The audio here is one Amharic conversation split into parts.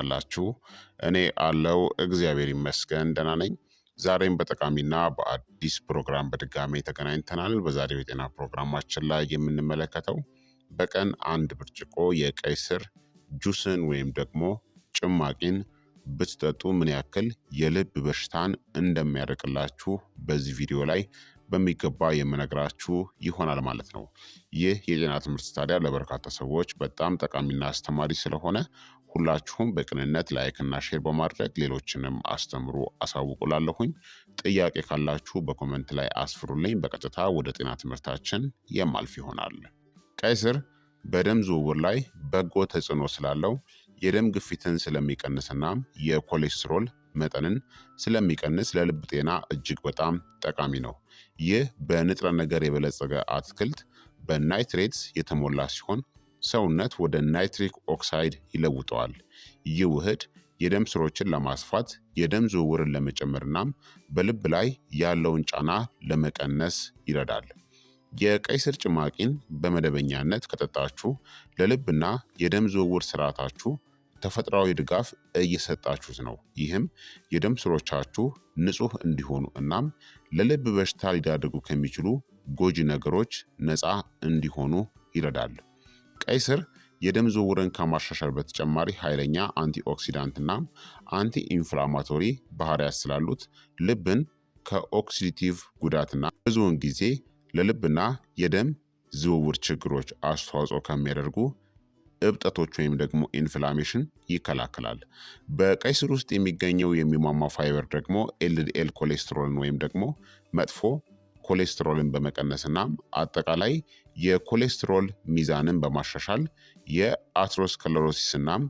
አላችሁ? እኔ አለው እግዚአብሔር ይመስገን ደህና ነኝ። ዛሬም በጠቃሚና በአዲስ ፕሮግራም በድጋሜ ተገናኝተናል። በዛሬው የጤና ፕሮግራማችን ላይ የምንመለከተው በቀን አንድ ብርጭቆ የቀይ ስር ጁስን ወይም ደግሞ ጭማቂን ብትጠጡ ምን ያክል የልብ በሽታን እንደሚያደርቅላችሁ በዚህ ቪዲዮ ላይ በሚገባ የምነግራችሁ ይሆናል ማለት ነው። ይህ የጤና ትምህርት ታዲያ ለበርካታ ሰዎች በጣም ጠቃሚና አስተማሪ ስለሆነ ሁላችሁም በቅንነት ላይክና ሼር በማድረግ ሌሎችንም አስተምሩ። አሳውቁላለሁኝ። ጥያቄ ካላችሁ በኮመንት ላይ አስፍሩልኝ። በቀጥታ ወደ ጤና ትምህርታችን የማልፍ ይሆናል። ቀይ ስር በደም ዝውውር ላይ በጎ ተጽዕኖ ስላለው የደም ግፊትን ስለሚቀንስና የኮሌስትሮል መጠንን ስለሚቀንስ ለልብ ጤና እጅግ በጣም ጠቃሚ ነው። ይህ በንጥረ ነገር የበለጸገ አትክልት በናይትሬትስ የተሞላ ሲሆን ሰውነት ወደ ናይትሪክ ኦክሳይድ ይለውጠዋል። ይህ ውህድ የደም ስሮችን ለማስፋት የደም ዝውውርን ለመጨመርናም በልብ ላይ ያለውን ጫና ለመቀነስ ይረዳል። የቀይ ስር ጭማቂን በመደበኛነት ከጠጣችሁ ለልብና የደም ዝውውር ስርዓታችሁ ተፈጥሯዊ ድጋፍ እየሰጣችሁት ነው። ይህም የደም ስሮቻችሁ ንጹህ እንዲሆኑ እናም ለልብ በሽታ ሊዳርጉ ከሚችሉ ጎጂ ነገሮች ነፃ እንዲሆኑ ይረዳል። ቀይ ስር የደም ዝውውርን ከማሻሻል በተጨማሪ ኃይለኛ አንቲኦክሲዳንትና አንቲ ኢንፍላማቶሪ ባህሪያት ስላሉት ልብን ከኦክሲዲቲቭ ጉዳትና ብዙውን ጊዜ ለልብና የደም ዝውውር ችግሮች አስተዋጽኦ ከሚያደርጉ እብጠቶች ወይም ደግሞ ኢንፍላሜሽን ይከላከላል። በቀይ ስር ውስጥ የሚገኘው የሚሟማ ፋይበር ደግሞ ኤልዲኤል ኮሌስትሮልን ወይም ደግሞ መጥፎ ኮሌስትሮልን በመቀነስና አጠቃላይ የኮሌስትሮል ሚዛንን በማሻሻል የአትሮስክለሮሲስ እናም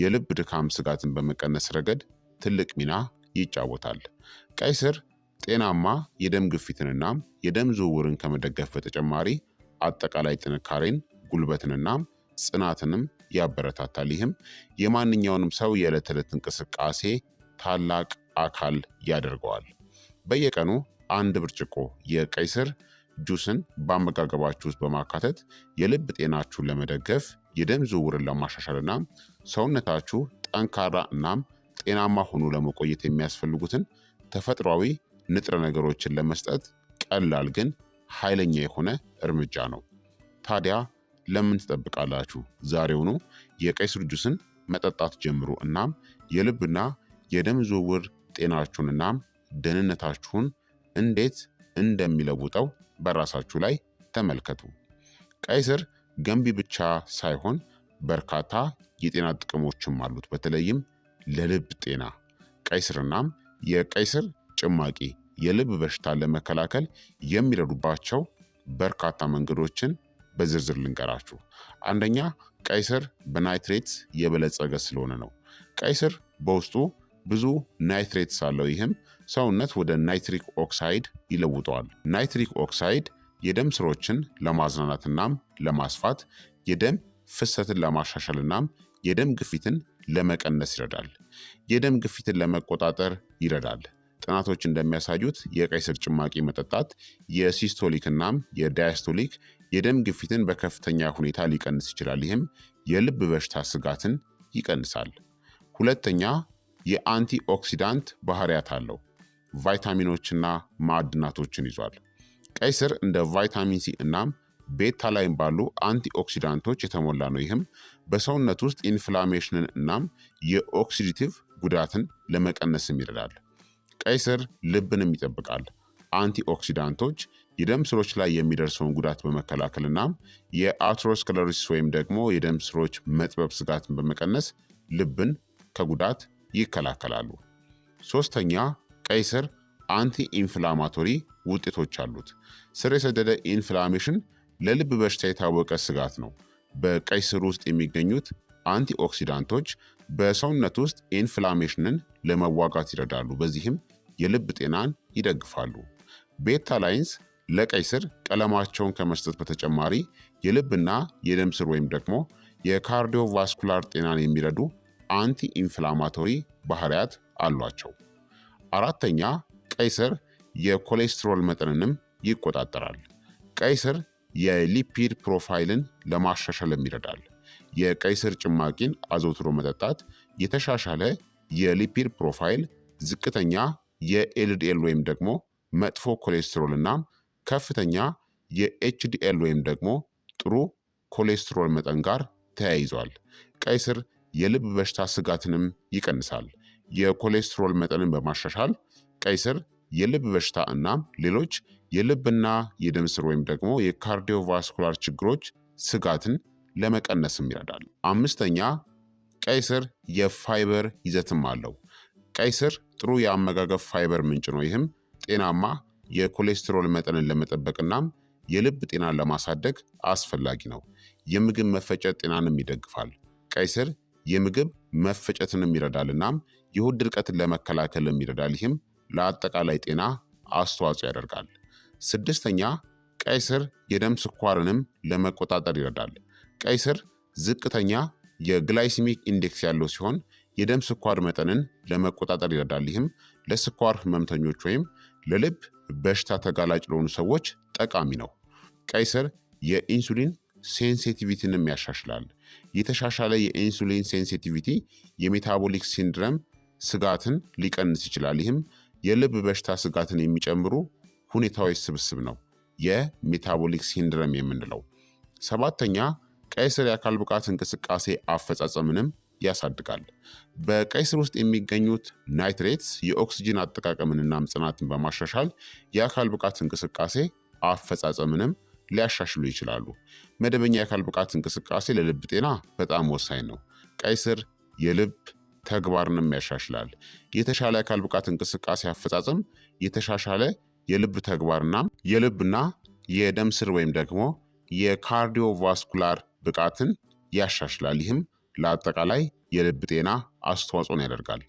የልብ ድካም ስጋትን በመቀነስ ረገድ ትልቅ ሚና ይጫወታል። ቀይ ስር ጤናማ የደም ግፊትንናም የደም ዝውውርን ከመደገፍ በተጨማሪ አጠቃላይ ጥንካሬን፣ ጉልበትንናም ጽናትንም ያበረታታል። ይህም የማንኛውንም ሰው የዕለት ተዕለት እንቅስቃሴ ታላቅ አካል ያደርገዋል። በየቀኑ አንድ ብርጭቆ የቀይ ስር ጁስን በአመጋገባችሁ ውስጥ በማካተት የልብ ጤናችሁን ለመደገፍ የደም ዝውውርን ለማሻሻል እናም ሰውነታችሁ ጠንካራ እናም ጤናማ ሆኖ ለመቆየት የሚያስፈልጉትን ተፈጥሯዊ ንጥረ ነገሮችን ለመስጠት ቀላል ግን ኃይለኛ የሆነ እርምጃ ነው። ታዲያ ለምን ትጠብቃላችሁ? ዛሬውኑ የቀይ ስር ጁስን መጠጣት ጀምሩ። እናም የልብና የደም ዝውውር ጤናችሁን እናም ደህንነታችሁን እንዴት እንደሚለውጠው በራሳችሁ ላይ ተመልከቱ። ቀይ ስር ገንቢ ብቻ ሳይሆን በርካታ የጤና ጥቅሞችም አሉት። በተለይም ለልብ ጤና ቀይ ስርናም የቀይ ስር ጭማቂ የልብ በሽታ ለመከላከል የሚረዱባቸው በርካታ መንገዶችን በዝርዝር ልንገራችሁ። አንደኛ ቀይ ስር በናይትሬትስ የበለጸገ ስለሆነ ነው። ቀይ ስር በውስጡ ብዙ ናይትሬትስ አለው። ይህም ሰውነት ወደ ናይትሪክ ኦክሳይድ ይለውጠዋል። ናይትሪክ ኦክሳይድ የደም ስሮችን ለማዝናናትናም ለማስፋት የደም ፍሰትን እናም የደም ግፊትን ለመቀነስ ይረዳል። የደም ግፊትን ለመቆጣጠር ይረዳል። ጥናቶች እንደሚያሳዩት የቀይ ስር ጭማቂ መጠጣት የሲስቶሊክ እናም የዳያስቶሊክ የደም ግፊትን በከፍተኛ ሁኔታ ሊቀንስ ይችላል። ይህም የልብ በሽታ ስጋትን ይቀንሳል። ሁለተኛ የአንቲ ኦክሲዳንት ባህሪያት አለው። ቫይታሚኖችና ማዕድናቶችን ይዟል። ቀይ ስር እንደ ቫይታሚን ሲ እናም ቤታ ላይም ባሉ አንቲኦክሲዳንቶች የተሞላ ነው። ይህም በሰውነት ውስጥ ኢንፍላሜሽንን እናም የኦክሲዲቲቭ ጉዳትን ለመቀነስም ይረዳል። ቀይ ስር ልብንም ይጠብቃል። አንቲኦክሲዳንቶች የደም ስሮች ላይ የሚደርሰውን ጉዳት በመከላከል እናም የአትሮስክለሮሲስ ወይም ደግሞ የደም ስሮች መጥበብ ስጋትን በመቀነስ ልብን ከጉዳት ይከላከላሉ። ሶስተኛ ቀይ ስር አንቲ ኢንፍላማቶሪ ውጤቶች አሉት። ስር የሰደደ ኢንፍላሜሽን ለልብ በሽታ የታወቀ ስጋት ነው። በቀይ ስር ውስጥ የሚገኙት አንቲ ኦክሲዳንቶች በሰውነት ውስጥ ኢንፍላሜሽንን ለመዋጋት ይረዳሉ። በዚህም የልብ ጤናን ይደግፋሉ። ቤታ ላይንስ ለቀይ ስር ቀለማቸውን ከመስጠት በተጨማሪ የልብና የደም ስር ወይም ደግሞ የካርዲዮቫስኩላር ጤናን የሚረዱ አንቲ ኢንፍላማቶሪ ባህሪያት አሏቸው። አራተኛ ቀይ ስር የኮሌስትሮል መጠንንም ይቆጣጠራል። ቀይ ስር የሊፒድ ፕሮፋይልን ለማሻሻልም ይረዳል። የቀይ ስር ጭማቂን አዘውትሮ መጠጣት የተሻሻለ የሊፒድ ፕሮፋይል፣ ዝቅተኛ የኤልዲኤል ወይም ደግሞ መጥፎ ኮሌስትሮል እናም ከፍተኛ የኤችዲኤል ወይም ደግሞ ጥሩ ኮሌስትሮል መጠን ጋር ተያይዟል። ቀይ ስር የልብ በሽታ ስጋትንም ይቀንሳል። የኮሌስትሮል መጠንን በማሻሻል ቀይ ስር የልብ በሽታ እናም ሌሎች የልብና የደም ስር ወይም ደግሞ የካርዲዮቫስኩላር ችግሮች ስጋትን ለመቀነስም ይረዳል። አምስተኛ ቀይ ስር የፋይበር ይዘትም አለው። ቀይ ስር ጥሩ የአመጋገብ ፋይበር ምንጭ ነው። ይህም ጤናማ የኮሌስትሮል መጠንን ለመጠበቅናም የልብ ጤናን ለማሳደግ አስፈላጊ ነው። የምግብ መፈጨት ጤናንም ይደግፋል። ቀይ ስር የምግብ መፈጨትንም ይረዳል እናም የሆድ ድርቀትን ለመከላከልም ይረዳል። ይህም ለአጠቃላይ ጤና አስተዋጽኦ ያደርጋል። ስድስተኛ ቀይ ስር የደም ስኳርንም ለመቆጣጠር ይረዳል። ቀይ ስር ዝቅተኛ የግላይሲሚክ ኢንዴክስ ያለው ሲሆን የደም ስኳር መጠንን ለመቆጣጠር ይረዳል። ይህም ለስኳር ህመምተኞች ወይም ለልብ በሽታ ተጋላጭ ለሆኑ ሰዎች ጠቃሚ ነው። ቀይ ስር የኢንሱሊን ሴንሲቲቪቲንም ያሻሽላል። የተሻሻለ የኢንሱሊን ሴንሲቲቪቲ የሜታቦሊክ ሲንድረም ስጋትን ሊቀንስ ይችላል። ይህም የልብ በሽታ ስጋትን የሚጨምሩ ሁኔታዎች ስብስብ ነው፣ የሜታቦሊክ ሲንድረም የምንለው። ሰባተኛ ቀይ ስር የአካል ብቃት እንቅስቃሴ አፈጻጸምንም ያሳድጋል። በቀይ ስር ውስጥ የሚገኙት ናይትሬትስ የኦክስጂን አጠቃቀምንና ምጽናትን በማሻሻል የአካል ብቃት እንቅስቃሴ አፈጻጸምንም ሊያሻሽሉ ይችላሉ። መደበኛ የአካል ብቃት እንቅስቃሴ ለልብ ጤና በጣም ወሳኝ ነው። ቀይ ስር የልብ ተግባርንም ያሻሽላል። የተሻለ አካል ብቃት እንቅስቃሴ አፈጻጸም የተሻሻለ የልብ ተግባርና የልብና የደም ስር ወይም ደግሞ የካርዲዮቫስኩላር ብቃትን ያሻሽላል። ይህም ለአጠቃላይ የልብ ጤና አስተዋጽኦን ያደርጋል።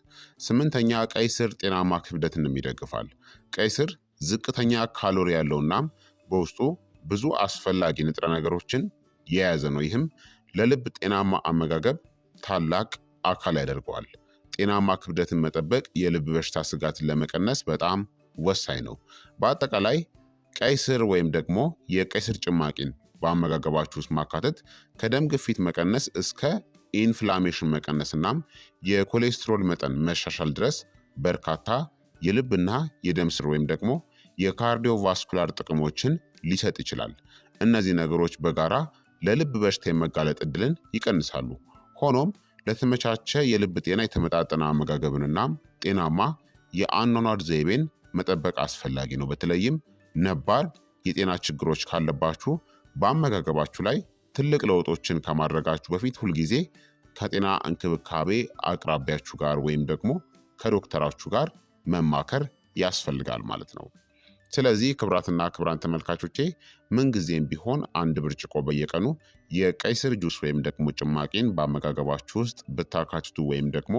ስምንተኛ ቀይ ስር ጤናማ ክብደትንም ይደግፋል። ቀይ ስር ዝቅተኛ ካሎሪ ያለውናም በውስጡ ብዙ አስፈላጊ ንጥረ ነገሮችን የያዘ ነው። ይህም ለልብ ጤናማ አመጋገብ ታላቅ አካል ያደርገዋል። ጤናማ ክብደትን መጠበቅ የልብ በሽታ ስጋትን ለመቀነስ በጣም ወሳኝ ነው። በአጠቃላይ ቀይ ስር ወይም ደግሞ የቀይ ስር ጭማቂን በአመጋገባችሁ ውስጥ ማካተት ከደም ግፊት መቀነስ እስከ ኢንፍላሜሽን መቀነስ የኮሌስትሮል መጠን መሻሻል ድረስ በርካታ የልብና የደም ስር ወይም ደግሞ የካርዲዮቫስኩላር ጥቅሞችን ሊሰጥ ይችላል። እነዚህ ነገሮች በጋራ ለልብ በሽታ የመጋለጥ እድልን ይቀንሳሉ። ሆኖም ለተመቻቸ የልብ ጤና የተመጣጠነ አመጋገብንና ጤናማ የአኗኗር ዘይቤን መጠበቅ አስፈላጊ ነው። በተለይም ነባር የጤና ችግሮች ካለባችሁ በአመጋገባችሁ ላይ ትልቅ ለውጦችን ከማድረጋችሁ በፊት ሁልጊዜ ከጤና እንክብካቤ አቅራቢያችሁ ጋር ወይም ደግሞ ከዶክተራችሁ ጋር መማከር ያስፈልጋል ማለት ነው። ስለዚህ ክብራትና ክብራን ተመልካቾቼ ምንጊዜም ቢሆን አንድ ብርጭቆ በየቀኑ የቀይ ስር ጁስ ወይም ደግሞ ጭማቂን በአመጋገባችሁ ውስጥ ብታካትቱ ወይም ደግሞ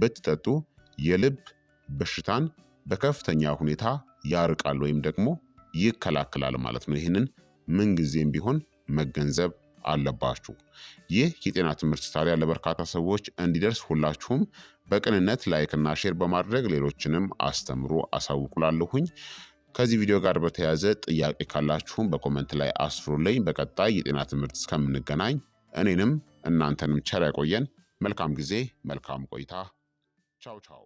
ብትጠጡ የልብ በሽታን በከፍተኛ ሁኔታ ያርቃል ወይም ደግሞ ይከላከላል ማለት ነው። ይህንን ምንጊዜም ቢሆን መገንዘብ አለባችሁ። ይህ የጤና ትምህርት ታዲያ ለበርካታ ሰዎች እንዲደርስ ሁላችሁም በቅንነት ላይክና ሼር በማድረግ ሌሎችንም አስተምሩ አሳውቁላለሁኝ። ከዚህ ቪዲዮ ጋር በተያያዘ ጥያቄ ካላችሁም በኮመንት ላይ አስፍሩልኝ። በቀጣይ የጤና ትምህርት እስከምንገናኝ እኔንም እናንተንም ቸር ያቆየን። መልካም ጊዜ፣ መልካም ቆይታ። ቻው ቻው